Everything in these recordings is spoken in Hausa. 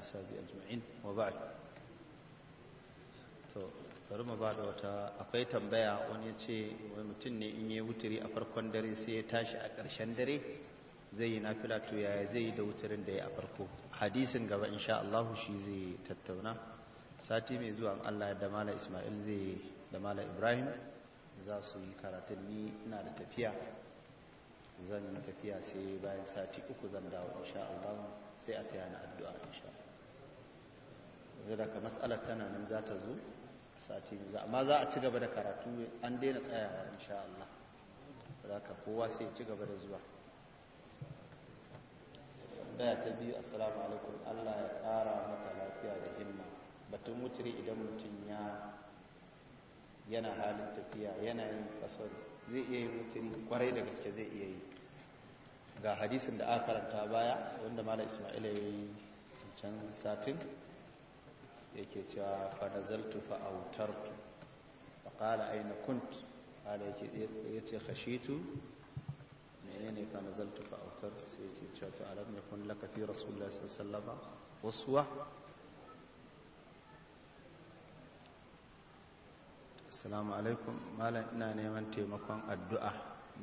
ashabi ajma'in wa ba'd to bari mu da wata akwai tambaya wani ya ce wani mutum ne in yi wuturi a farkon dare sai ya tashi a ƙarshen dare zai yi na to yaya zai yi da wuturin da ya a farko hadisin gaba insha Allah shi zai tattauna sati mai zuwa Allah da mala Ismail zai da mala Ibrahim za su yi karatun ni ina da tafiya zan yi tafiya sai bayan sati uku zan dawo insha Allah sai a tayana addu'a insha Allah zai ka matsalar tana nan za ta zo sati yanzu amma za a ci gaba da karatu an daina tsayawa insha Allah saboda ka kowa sai ci gaba da zuwa tambaya ta biyu assalamu alaikum Allah ya kara maka lafiya da himma batun mutiri idan mutum ya yana halin tafiya yana yin kasar zai iya yin mutum kwarai da gaske zai iya yi ga hadisin da aka karanta baya wanda mala ismaila ya yi can satin yake cewa fa fa autartu fa qala aina kunt qala yake yace khashitu menene fa nazaltu fa autartu sai yace cewa to alam yakun laka fi rasulullahi sallallahu alaihi wasallam uswa assalamu alaikum malam ina neman taimakon addu'a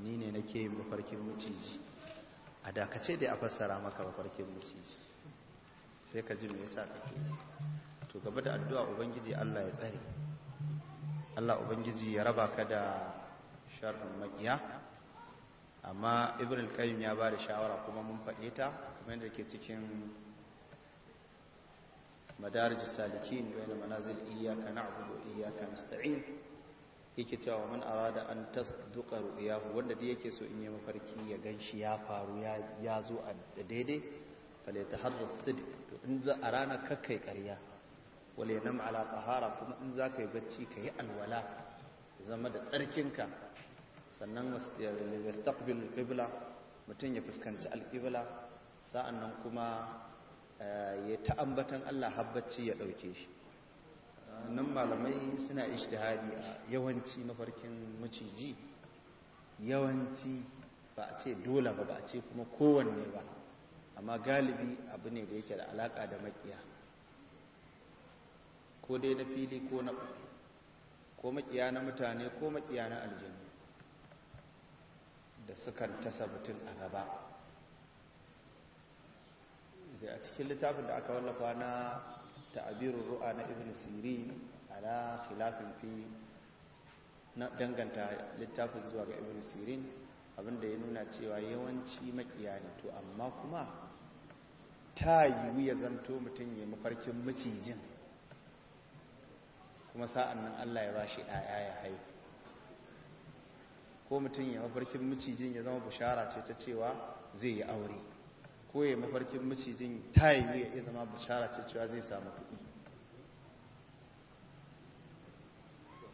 ni ne nake yin mafarkin mutiji? a dakace da a fassara maka mafarkin mutiji, sai ka ji me yasa kake to gaba da addu'a ubangiji Allah ya tsare Allah ubangiji ya raba ka da sharrin makiya amma ibril al ya ya bada shawara kuma mun faɗe ta kuma yadda ke cikin madarij salikin bayna manazil iyyaka na'budu wa iyyaka nasta'in yake cewa mun arada an tasduqa ru'yahu wanda da yake so in yi mafarki ya ganshi ya faru ya ya zo a daidai fale taharras sidq to in za a rana kakkai ƙarya wale ala tahara kuma in za ka yi bacci ka yi alwala zama da tsarkinka sannan ya staqbil mutum ya fuskanci sa'an nan kuma eh, ya ta'ambatan Allah habbacci ya ɗauke. shi nan malamai suna ishtihadi a yawanci mafarkin maciji yawanci ba a ce dole ba ba a ce kuma kowanne ba amma galibi abu ne da yake da alaka da maƙiya. ko dai na fili ko na ko makiya na mutane ko makiya na aljanu da sukan tasa mutum a gaba da a cikin littafin da aka wallafa na ta'abirin ru'a na ibn siri ala khilafin fi na danganta littafin zuwa ga ibn sirin abinda ya nuna cewa yawanci maƙiya ne to amma kuma ta yiwu ya zanto mutum ya mafarkin macijin kuma sa'an nan Allah ya bashi ɗaya ya haihu ko mutum ya mafarkin macijin ya zama bishara ce ta cewa zai yi aure ko ya mafarkin macijin ta yi ya zama bishara ce cewa zai samu kuɗi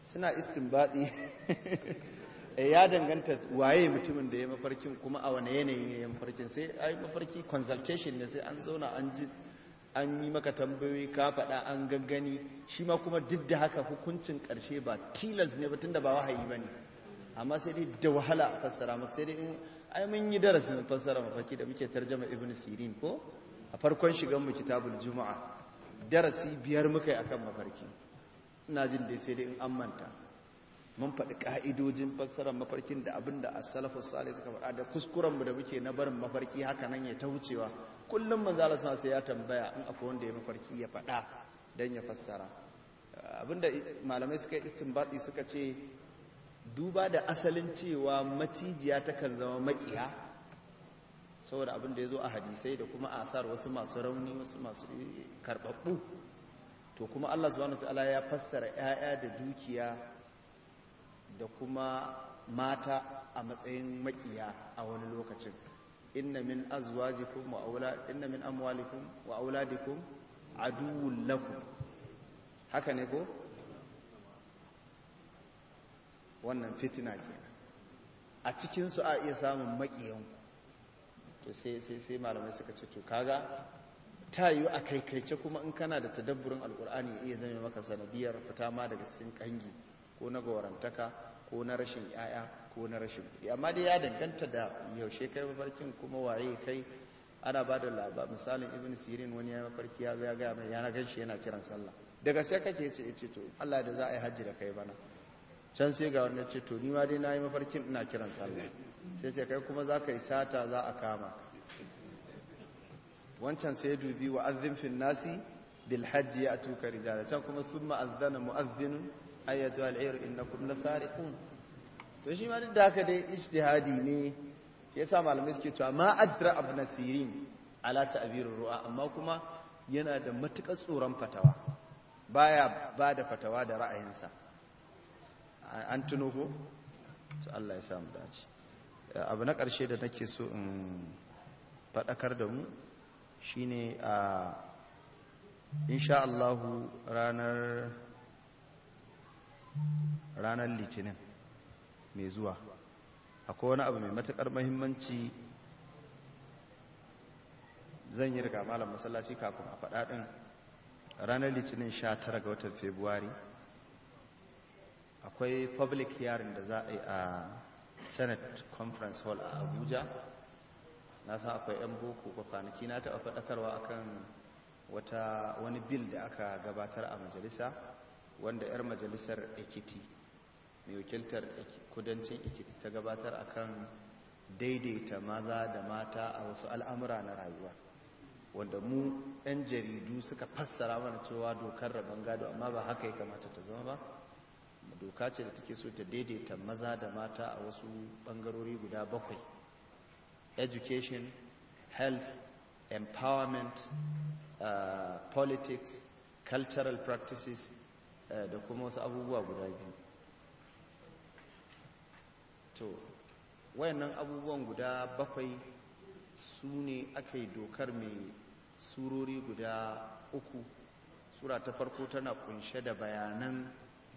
suna baɗi. Eh, ya danganta waye mutumin da ya mafarkin kuma a wane yanayin ya mafarkin sai yi mafarki consultation ne sai an zauna an ji an yi maka tambayoyi ka faɗa an gaggani shi ma kuma duk da haka hukuncin ƙarshe ba tilas ne ba da ba wahayi ba ne amma sai dai da wahala a fassara maka sai dai in ai mun yi darasin fassara mafaki da muke tarjama ibn sirin ko a farkon shigan mu kitabul juma'a darasi biyar muka yi akan mafarki ina jin dai sai dai in an manta mun faɗi ƙa'idojin fassarar mafarkin da abin da asalafus salih suka faɗa da kuskurenmu da muke na barin mafarki haka nan ya ta wucewa kullum manzala suna sai ya tambaya in akwai wanda ya mafarki ya faɗa don ya fassara abinda malamai suka yi batsi suka ce duba da asalin cewa macijiya takan zama makiya saboda abin ya zo a hadisai da kuma athar wasu masu rauni wasu masu karɓaɓɓu to kuma allah subhanahu wa ta'ala ya fassara 'ya'ya da dukiya da kuma mata a matsayin makiya a wani lokacin inna min azwajikum wa aula inna min amwalikum wa auladikum aduwwun lakum haka ne ko wannan fitina ke a cikin su a iya samun makiyan to sai sai sai malamai suka ce to kaga ta yiwu a kaikaice kuma in kana da tadabburin alkur'ani ya iya zama maka sanadiyar fita ma daga cikin kangi ko na gorantaka ko na rashin yaya ko na rashin kuɗi amma dai ya danganta da yaushe kai mafarkin kuma waye kai ana ba da labar misalin ibn sirin wani ya mafarki ya zo ya mai yana gan shi yana kiran sallah daga sai kake ce ce to Allah da za a yi hajji da kai bana can sai ga wani ce to ni ma dai na yi mafarkin ina kiran sallah sai ce kai kuma za ka yi sata za a kama wancan sai dubi wa azzin fin nasi bil hajji ya tuka rijala can kuma sun ma'azzana mu'azzinun ayyatu al'ir innakum lasariqun to shi ma duk da haka dai ijtihadi ne yasa malamai suke cewa ma adra ibn sirin ala ta'birur ru'a amma kuma yana da matukar tsoron fatawa baya ba da fatawa da ra'ayinsa an tuno ko to Allah ya samu dace abu na ƙarshe da nake so in faɗakar da mu shine a ah, insha Allahu ranar ranar litinin mai zuwa akwai wani abu mai matuƙar mahimmanci zan yi riga malam masallaci kafin a faɗaɗin ranar litinin 19 ga watan februari akwai public hearing da za a yi a senate conference hall a abuja na san akwai 'yan boko ko kwanaki na taɓa faɗakarwa akan wata wani bil da aka gabatar a majalisa wanda 'yar majalisar ikiti, mai wakiltar kudancin ikiti ta gabatar a kan daidaita maza da mata a wasu al'amura na rayuwa wanda mu 'yan jaridu suka fassara mana cewa dokar rabon gado amma ba haka ya kamata ta zama ba doka ce da take so ta daidaita maza da mata a wasu bangarori guda bakwai education health empowerment uh, politics cultural practices Eh, da kuma wasu abubuwa guda biyu to wayannan abubuwan guda bakwai su ne aka yi dokar mai surori guda uku sura ta farko tana kunshe da bayanan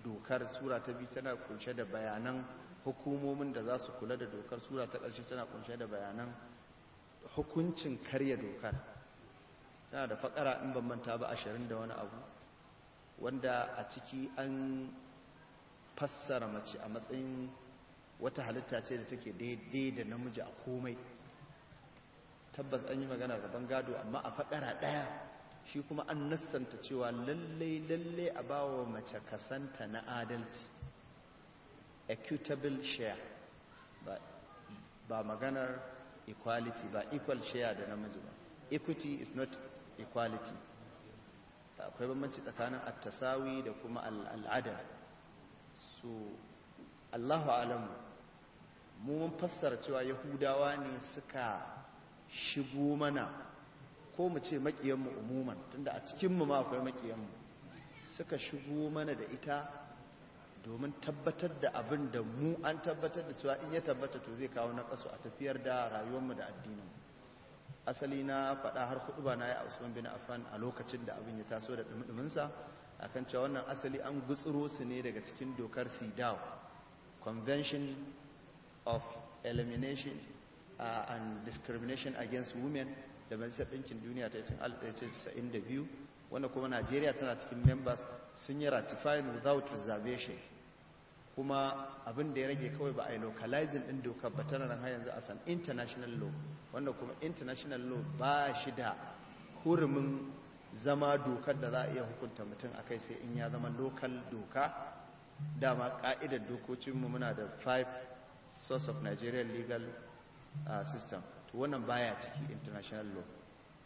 dokar sura ta biyu tana kunshe da bayanan hukumomin da za su kula da dokar sura ta ƙarshe tana kunshe da bayanan hukuncin karya dokar tana da fakara in ban manta ba ashirin da wani abu wanda a ciki an fassara mace a matsayin wata halitta ce da take daidai da namiji a komai tabbas an yi magana gaban gado amma a fakara ɗaya shi kuma an nassanta cewa lallai lallai a bawa mace kasanta na adalci equitable share ba maganar equality ba equal share da namiji ba equity is not equality akwai bambanci tsakanin attasawi da kuma al'ada so allahu alamu mu mun fassara cewa yahudawa ne suka shigo mana ko mu ce makiyanmu umuman tunda a cikinmu ma akwai makiyanmu suka shigo mana da ita domin tabbatar da abin da mu an tabbatar da cewa in ya tabbata to zai kawo na kasu a tafiyar da rayuwarmu da addininmu asali na faɗa har kudu ba na yi a usman bin affan a lokacin da abin ya taso da ɗumɗuminsa a kan cewa wannan asali an gutsuro su ne daga cikin dokar sidaw convention of elimination uh, and discrimination against women da majalisar ɗinkin duniya ta cikin biyu wanda kuma najeriya tana cikin members sun yi ratifying without reservation kuma abin da ya rage kawai ba a yi localizing ɗin doka ba tana nan yanzu a san international law wanda kuma international law ba shi da hurumin zama dokar da za a iya hukunta mutum a kai sai in ya zama local doka dama ka'idar dokokinmu muna da five source of nigerian legal uh, system to wannan baya ciki international law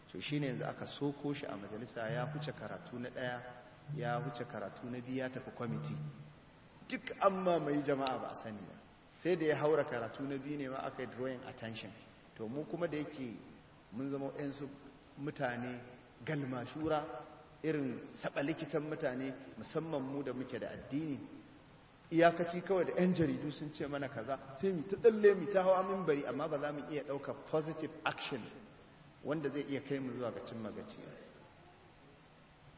to shi ne yanzu aka soko shi a majalisa ya huce karatu na ɗaya ya huce karatu na biya ya tafi kwamiti duk amma mai jama'a ba a sani ba sai da ya haura karatu na biyu ne ma aka yi drawing attention to mu kuma da yake mun zama yansu mutane galmashura irin saba likitan mutane musamman mu da muke da addini iyakaci kawai da 'yan jaridu sun ce mana kaza sai mu ta tsalle mu ta hawa bari amma ba za mu iya ɗauka positive action wanda zai iya kai mu zuwa ga cin magaci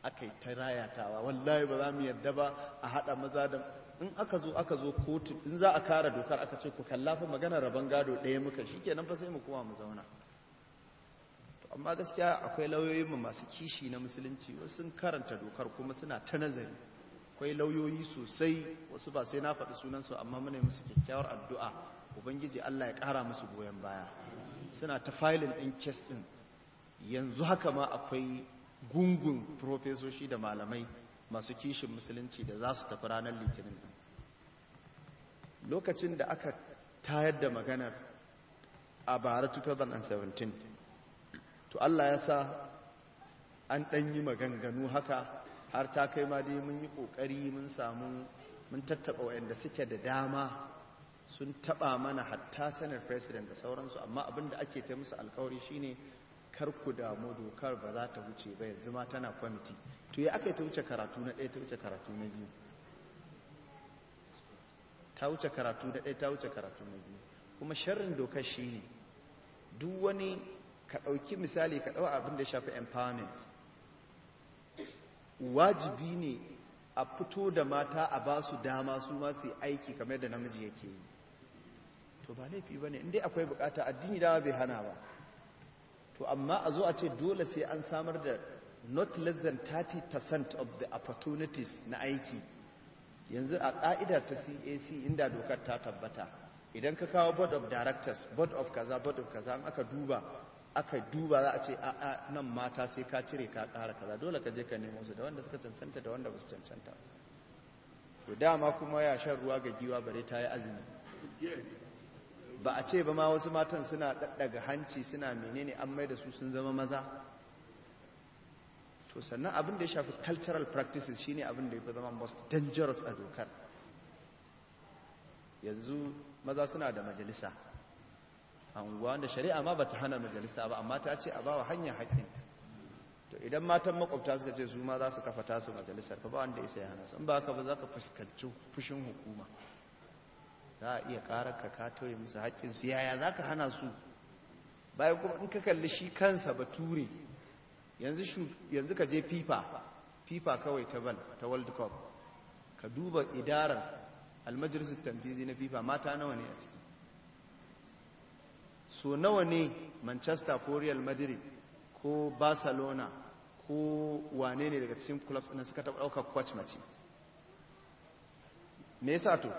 aka yi ta rayatawa wallahi ba za mu yadda ba a haɗa maza da in aka zo aka zo kotu in za a kara dokar aka ce ku kalla fa magana rabon gado ɗaya muka shi ke nan fasai mu kuma mu zauna to amma gaskiya akwai lauyoyin mu masu kishi na musulunci wasu sun karanta dokar kuma suna ta nazari akwai lauyoyi sosai wasu ba sai na faɗi sunansu amma muna musu kyakkyawar addu'a ubangiji Allah ya ƙara musu goyon baya suna ta filin ɗin kes ɗin yanzu haka ma akwai gungun profesoshi da malamai masu kishin musulunci da za su tafi ranar litinin lokacin da aka tayar da maganar a bara 2017 to Allah ya sa an ɗan yi maganganu haka har ta kai ma dai mun yi ƙoƙari mun samu mun tattaɓa waɗanda suke da dama sun taɓa mana hatta sanar president da sauransu amma abin da ake ta musu alkawari shine kar ku damu dokar ba za ta wuce ba yanzu ma tana kwamiti to yi aka yi ta wuce karatu na ɗaya ta wuce karatu na biyu ta wuce karatu na ɗaya ta wuce karatu na biyu kuma sharrin dokar shi ne duk wani ka ɗauki misali ka ɗau abin da shafi empowerment wajibi ne a fito da mata a ba su dama su ma su aiki kamar da namiji yake yi to ba laifi ba ne inda akwai bukata addini dama bai hana ba to amma a zo a ce dole sai an samar da not less than 30% of the opportunities na aiki yanzu a ƙa'ida ta cac inda dokar ta tabbata idan ka kawo board of directors board of kaza board of kaza aka duba aka duba za a ce a a nan mata sai ka cire ka ƙara kaza dole ka je ka nemo su da wanda suka cancanta da wanda ba su cancanta to dama kuma ya shan ruwa ga giwa bare ta yi azumi ba a ce ba ma wasu matan suna ɗaɗɗaga hanci suna menene an mai da su sun zama maza to sannan abin da ya shafi cultural practices shine abin da ya fi zama most dangerous a dokar yanzu maza suna da majalisa unguwa wanda shari'a ma ta hana majalisa ba amma ta ce a bawa hanyar haƙƙin to idan matan makwabta suka ce su ma za su kafa tasu majalisar ka ba wanda isa ya hana su in ba ka ba za ka fuskanci fushin hukuma za a iya ƙara ka ka tauye musu haƙƙinsu yaya za ka hana su bayan kuma in ka kalli shi kansa bature yanzu ka je fifa fifa kawai ta ban ta world cup ka duba idarar almajalisar tamfizi na fifa mata nawa ne a ciki so nawa ne manchester ko real madrid ko barcelona ko wane ne daga cikin clubs na suka taɓa ɗaukar kwac mace me yasa to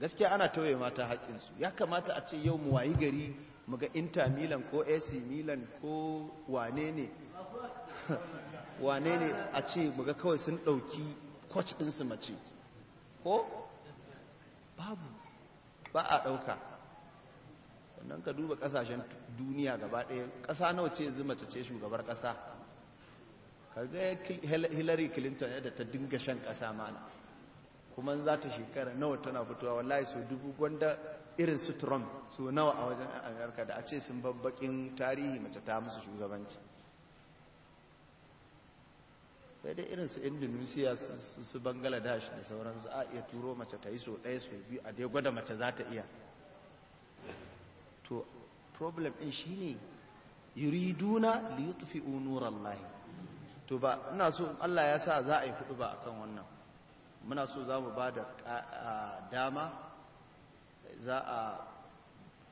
gaskiya ana tauye mata haƙƙinsu ya kamata a ce yau mu wayi gari muga inter milan ko ac milan ko wane ne wane ne a ce muga kawai sun ɗauki coach ɗinsu mace ko babu ba a ɗauka sannan ka duba ƙasashen duniya gaba ɗaya ƙasa nawa ce zuma ce shugabar ƙasa kaga hillary clinton yadda ta dinga shan kasa mana kuma za ta shekara nawa tana fitowa wallahi so dubu gwanda irin su trump su nawa a wajen amerika da a ce sun babbakin tarihi mace ta musu shugabanci sai dai irin su indonesia su bangladesh da sauransu a iya turo mace ta yi so ɗaya so biyu a dai gwada mace za ta iya to problem din shi ne yuriduna liyutfi'u nurallahi to ba ina so Allah ya sa za a yi kudu ba akan wannan muna so za mu ba da dama za a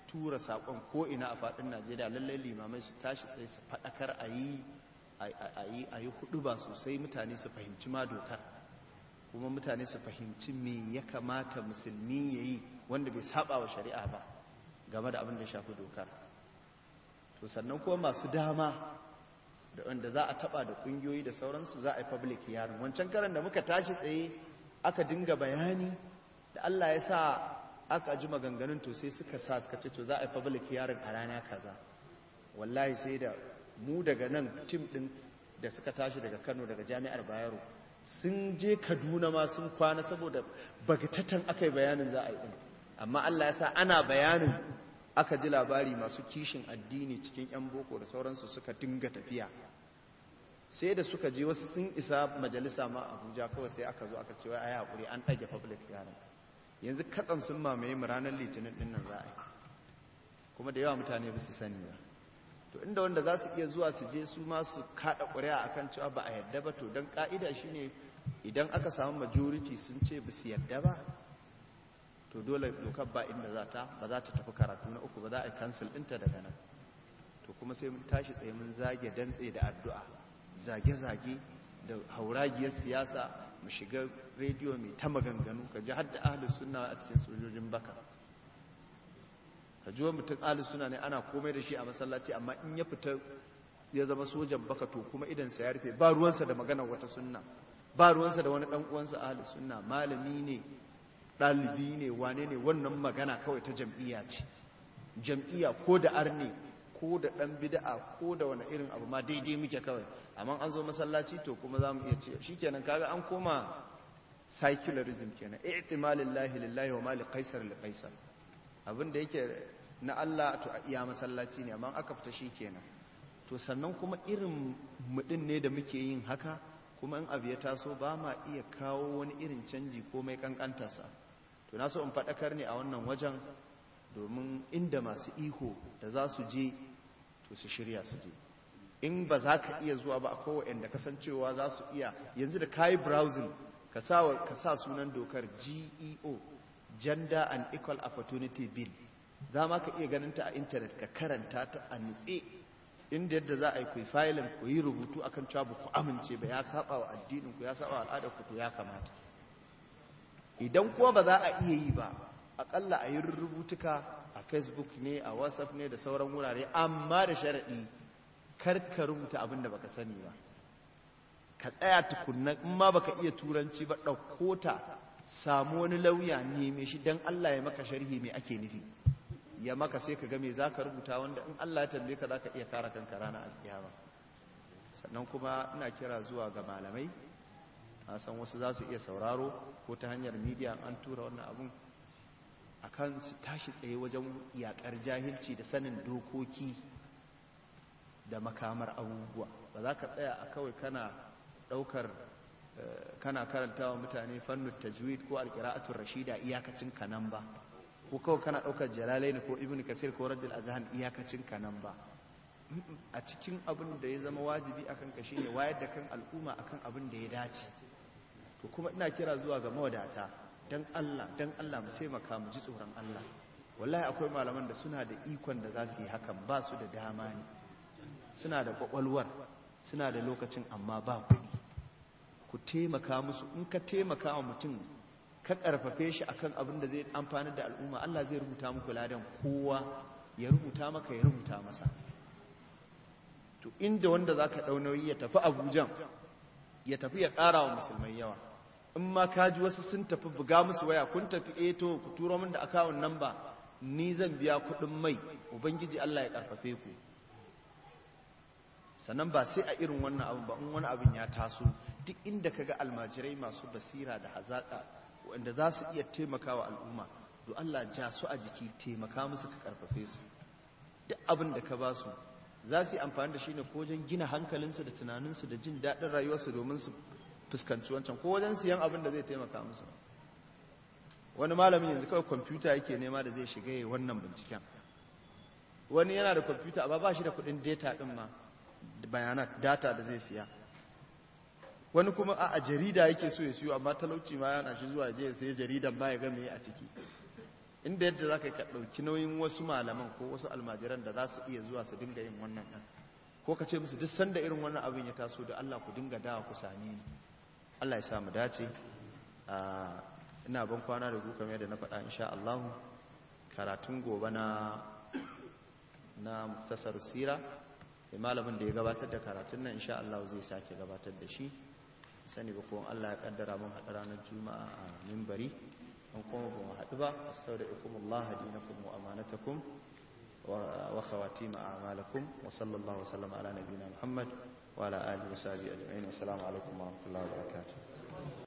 tura saƙon ko'ina a faɗin najeriya lallai limamai su tashi tsaye su faɗakar a yi a hudu ba sosai mutane su fahimci ma dokar kuma mutane su fahimci me ya kamata musulmi ya yi wanda bai saba wa shari'a ba game da abin da shafi dokar to sannan kuma masu dama da wanda za a taba da ƙungiyoyi da sauransu za a yi public yaron wancan karan da muka tashi tsaye aka dinga bayani da Allah ya sa aka ji maganganun to sai suka sa suka ce to za a yi public hearing a rana kaza wallahi sai da mu daga nan tim din da suka tashi daga Kano daga Jami'ar Bayero sun je Kaduna ma sun kwana saboda aka yi bayanin za a yi din amma Allah ya sa ana bayanin aka ji labari masu kishin addini cikin yan boko da sauransu suka dinga tafiya sai da suka je wasu sun isa majalisa ma Abuja kawai sai aka zo aka ce wai yi haƙuri an ɗage public hearing yanzu katsan sun mamaye mu ranar litinin ɗin nan za a yi kuma da yawa mutane ba su sani ba to inda wanda za su iya zuwa su je su ma su kaɗa ƙuri'a akan kan cewa ba a yadda ba to don ƙa'ida shi ne idan aka samu majority sun ce ba su yadda ba to dole dokar ba inda za ta ba za ta tafi karatu na uku ba za a yi kansil ɗinta daga nan to kuma sai mun tashi tsaye mun zage dantse da addu'a zage-zage da hauragiyar siyasa mu shiga rediyo mai ta maganganu ka ji hadda ahalus suna a cikin sojojin baka ka ji mutum ahalus suna ne ana komai da shi a masallaci amma in ya fita ya zama sojan baka to kuma idansa ya rufe ba ruwansa da magana wata suna ba ruwansa da wani ɗan'uwansa ahalus suna malami ne ɗalibi ne wane ne wannan magana kawai ta jam'iyya ce jam'iyya ko da arne ko da ɗan bida'a ko da wani irin abu ma daidai muke kawai amma an zo masallaci to kuma za mu iya ce shi kenan kaga an koma secularism kenan i'timalin lahi lillahi wa mali kaisar li kaisar abin yake na Allah to a iya masallaci ne amma aka fita shi kenan to sannan kuma irin mudin ne da muke yin haka kuma in abu ya taso ba ma iya kawo wani irin canji ko mai kankantarsa to na so in faɗakar ne a wannan wajen domin inda masu iko da za su je to su shirya su je in ba za ka iya zuwa ba akwai waɗanda kasancewa za su iya yanzu da kayi browsing ka sa sunan dokar geo gender and equal opportunity bill za ma ka iya ganin ta a intanet ka karanta ta a nutse inda yadda za a yi ku filin ku yi rubutu akan cewa ba ku amince ba ya saba wa addinin ku ya saba wa al'adar ku ya kamata idan kuwa ba za a iya yi ba akalla a yi rubutuka facebook ne a whatsapp ne da sauran wurare amma da sharaɗi ka rubuta abin da baka sani ba ka tsaya tukunna in ma baka iya turanci ba ɗauko ta samu wani lauya neme shi don allah ya maka sharhi mai ake nufi ya maka sai ka ga me za ka rubuta wanda in allah ya tambaye ka za ka iya kara kanka rana ranar ba sannan kuma ina kira zuwa ga malamai a san wasu za su iya sauraro ko ta hanyar midiya an tura wannan abun akan su tashi tsaye wajen yakar jahilci da sanin dokoki da makamar abubuwa ba za ka tsaya a kawai kana ɗaukar eh, kana karantawa mutane fannin tajwid ko alqira'atul rashida iyakacin kanan ba ko kawai kana ɗaukar jalalaini ko ibnu kasir ko raddul azhan iyakacin kanan ba a cikin abin da ya zama wajibi akan ka shine wayar da kan al'umma akan abin da ya dace to kuma ina kira zuwa ga mawadata dan Allah dan Allah mu taimaka mu ji tsoron Allah wallahi akwai malaman da suna da ikon da za su yi hakan ba su da dama ne suna da kwakwalwar suna da lokacin amma ba kuɗi ku taimaka musu in ka taimaka wa mutum ka ƙarfafe shi akan abin da zai amfani da al'umma Allah zai rubuta muku ladan kowa ya rubuta maka ya rubuta masa to inda wanda za ka ɗau nauyi ya tafi abujan ya tafi ya ƙara wa musulmai yawa in ma kaji wasu sun tafi buga musu waya kun tafi eto eh ku turo min da akawun nan ba ni zan biya kuɗin mai ubangiji Allah ya karfafe ku sannan ba sai a irin wannan abu ba in wani abin ya taso duk inda kaga almajirai masu basira da hazaka wanda za su iya taimakawa al'umma to Allah ja su a jiki taimaka musu ka karfafe su duk abin da ka ba su za su yi amfani da shi ne ko wajen gina hankalinsu da tunaninsu da jin daɗin rayuwarsu domin su fuskanci wancan ko wajen siyan abin da zai taimaka musu wani malamin yanzu kawai kwamfuta yake nema da zai shiga ya wannan binciken wani yana da kwamfuta a ba shi da kudin data din ma bayanat data da zai siya wani kuma a jarida yake so ya siyo amma talauci ma yana shi zuwa je sai jaridan ba ya game a ciki inda yadda za ka ɗauki nauyin wasu malaman ko wasu almajiran da za su iya zuwa su dinga yin wannan ɗan ko ka ce musu duk sanda irin wannan abin ya taso da allah ku dinga dawa ku sami ni Allah ya sa mu dace ina ban kwana da guka yadda da na faɗa insha Allah karatun gobe na na muktasar sira da malamin da ya gabatar da karatun nan insha Allah zai sake gabatar da shi sani ba kuma Allah ya kaddara mun haɗu ranar juma'a a mimbari an kuma ba mu haɗu ba astaudikumullah dinakum wa amanatakum wa khawatima a'malakum wa sallallahu wa sallama ala nabiyyina muhammad wa ala alihi wa sahbihi ajma'in assalamu alaikum wa rahmatullahi wa barakatuh